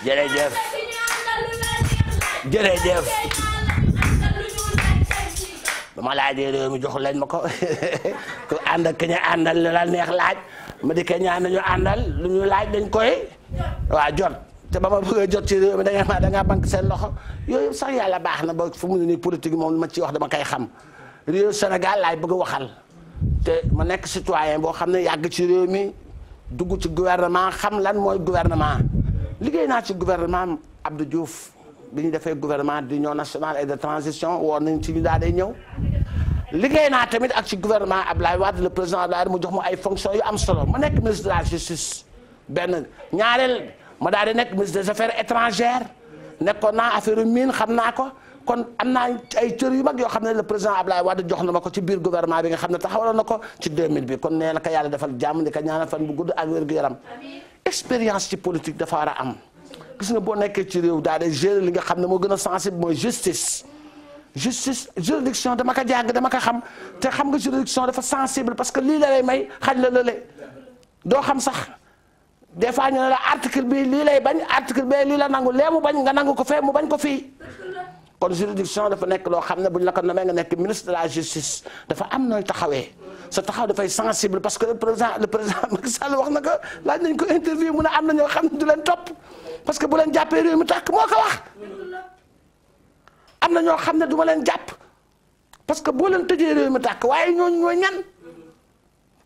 jërëjëf jërëjëf ba ma laajee réew mi jox lañ ma ko ku ànd ak ñu àndal lu la neex laaj ma di ko ñaan nañu àndal lu ñu laaj dañ koy waa jot te ba ma bëggee jot ci réew mi da nga ma da banque seen loxo yooyu sax yàlla baax na ba fu mu ne nii politique moom ma ciy wax dama koy xam réew Sénégal laay bëgg waxal te ma nekk citoyen boo xam ne yàgg ci réew mi dugg ci gouvernement xam lan mooy gouvernement liggéey naa ci gouvernement Abdou Diouf bi ñu defee gouvernement d'union nationale et de transition woon nañ ci ñu daal day ñëw liggéey naa tamit ak ci gouvernement Ablaye Wade le président Ablaye mu jox ma ay fonctions yu am solo ma nekk ministre de la justice benn ñaareel ma daal di nekk ministre des affaires étrangères nekkoon naa affaire mine xam naa ko kon am naa ay cër yu ne le président Ablaye Wade jox na ma ko ci biir gouvernement bi nga xam ne taxawaloon na ko ci 2000 bi kon nee na ko yàlla defal jàmm ni ko ñaanal fan bu gudd ak wér gu yaram expérience ci politique dafa war a am gis nga boo nekkee ci réew daal de gérer li nga xam ne moo gën a sensible mooy justice justice juridiction dama ko jàng dama ko xam te xam nga juridiction dafa sensible parce que lii la lay may xaj la lële doo xam sax des fois ñu ne la article bi lii lay bañ article bi lii la nangu lee mu bañ nga nangu ko fee mu bañ ko fii kon juridiction dafa nekk loo xam ne bu ñu la ko namee nga nekk ministre de la justice dafa am nooy taxawee sa taxaw fay sensible parce que le président le président Macky wax na ko laaj nañ ko interview mu ne am na ñoo xam ne du leen topp parce que bu leen jàppee réew mi tàkk moo ko am na ñoo xam ne du ma leen jàpp parce que boo leen tëjee réew mi tàkk waaye ñooñu ñooy ñan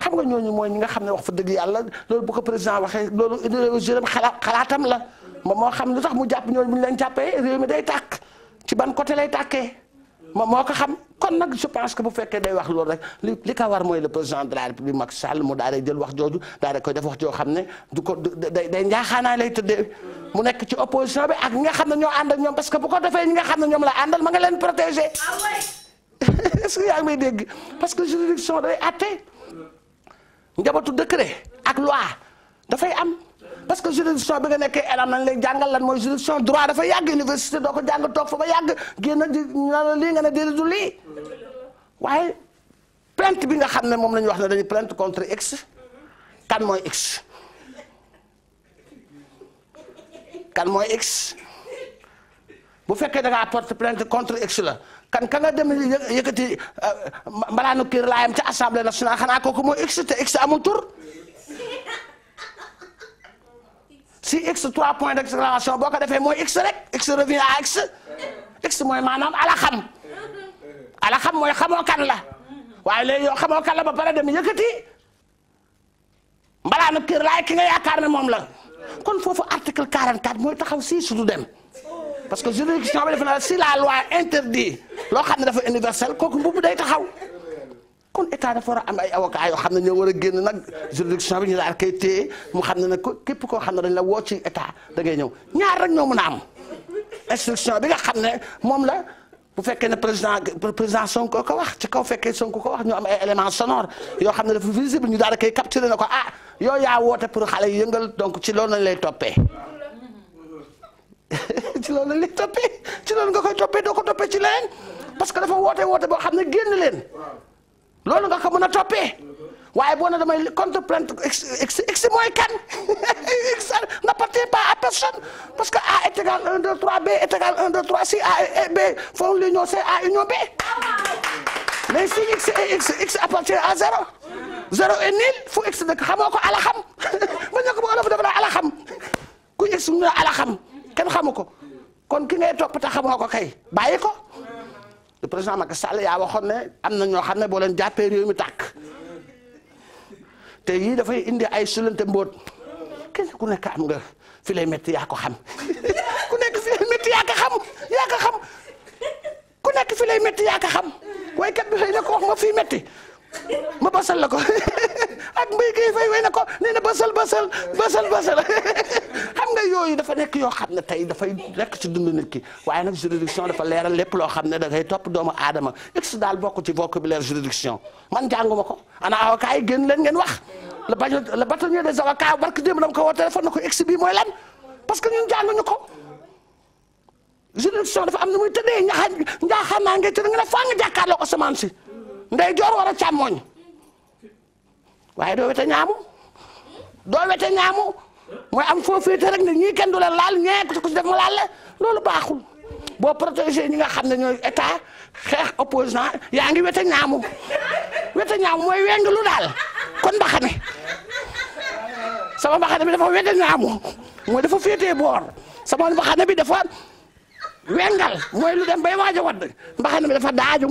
xam nga ñooñu mooy ñi nga xam ne wax fa dëgg yàlla loolu bu ko président waxee loolu idéologie xalaat xalaatam la moom moo xam lu tax mu jàpp ñooñu bu ñu leen jàppee réew mi day tàkk ci ban côté lay tàkkee. moo ko xam kon nag je pense que bu fekkee day wax loolu rek li li ko war mooy le président de la république Macky Sall mu daal jël wax jooju daal koy def wax joo xam ne day day njaaxaanaay lay tëddee mu nekk ci opposition bi ak nga xam ne ñoo ànd ak ñoom parce que ko defee ñi nga xam ne ñoom la àndal ma nga leen protéger ah est-ce que yaa ngi dégg parce que juridiction day atte njabootu décret ak loi dafay am. parce que juridiction bi nga nekkee elam nañ lay jàngal lan mooy juridiction droit dafa yàgg université doo ko jàng toog fa yàgg génn na lii nga ne déedéet du lii waaye plainte bi nga xam ne moom la ñu wax ne dañuy plainte contre x kan mooy x kan mooy x bu fekkee da ngaa porte plainte contre x la kan ka nga dem yëkkati euh, mbalaanu kiir laayam ca assemblée nationale xanaa kooku mooy x te x amul si x trois points d'exclamation boo ko defee mooy x rek x revient à x x mooy maanaam ala xam ala xam mooy xamoo kan la waaye léegi yow xamoo kan la ba pare dem yëkkati mbalaanu kër laay ki nga yaakaar ne moom la kon foofu article 44 mooy taxaw si su du dem parce que juridiction bi defe naa si la loi interdit loo xam ne dafa universel kooku mbubu day taxaw kon état dafa war a am ay avocats yoo xam ne ñoo war a génn nag juridiction bi ñu daal koy téye mu xam ne nag képp koo xam ne dañ la woo ci état da ngay ñaar rek ñoo mën a am instruction bi nga xam ne moom la bu fekkee ne président président Sonko ko wax ci kaw fekkee Sonko ko wax ñu am ay éléments sonores yoo xam ne dafa visible ñu daal di koy capturé na ko ah yow yaa woote pour xale yi yëngal donc ci loolu lañ lay toppee ci loolu lañ lay toppee loolu nga koy toppee doo ko toppee ci leneen parce que dafa wootee woote boo xam ne génn leen. loolu nga ko mën a toppee waaye boo ne damay contre plainte x x mooy kan x n'appartient pas à personne parce que A est égal 1 2 B est égal 1 2 si A et B font l'union C A union B mais si x et x x zéro zéro et nil fu x nekk ko ala xam ba ñu ko bëgg a def dafa xam ku x mu ne ala xam ko kon ki ngay topp te xamoo kay bàyyi le président Macky Sall yaa ne am na ñoo xam ne boo leen jàppee réew mi tàkk te yii dafay indi ay sulante mbóot kenn ku nekk am nga fi lay métti yaa ko xam ku nekk fi lay métti yaa xam yaa bi xëy na ko ma fii métti ma basal la ko ak mbay kay fay way na ko nee na basal basal basal xam nga yooyu dafa nekk yoo xam ne tey dafay rekk ci dund nit ki waaye nag juridiction dafa leeral lépp loo xam ne da ngay topp doomu aadama x daal bokk ci vocabulaire juridiction man jànguma ko ana avocat yi génn leen ngeen wax le ba le bâtonnier des avocats barke démb dama ko woo téléphone na ko x bii mooy lan parce que ñun ñu ko juridiction dafa am na muy tëddee ñaxa njaaxaan naa ngay tëdd nga ne faa nga jàkkaarloo asamaan si ndey joor war a càmmooñ waaye doo wete ñaamu doo wete ñaamu mooy am foo féete rek ne ñii kenn du la laal ñee ku si def mu laal la loolu baaxul boo protégé ñi nga xam ne ñooy état xeex opposant yaa ngi wete ñaamu wete ñaamu mooy weng lu daal kon mbaxane sama mbaxane bi dafa wete ñaamu mooy dafa féetee boor sama mbaxane bi dafa wengal mooy lu dem bay waaj a wadd mbaxane bi dafa daaju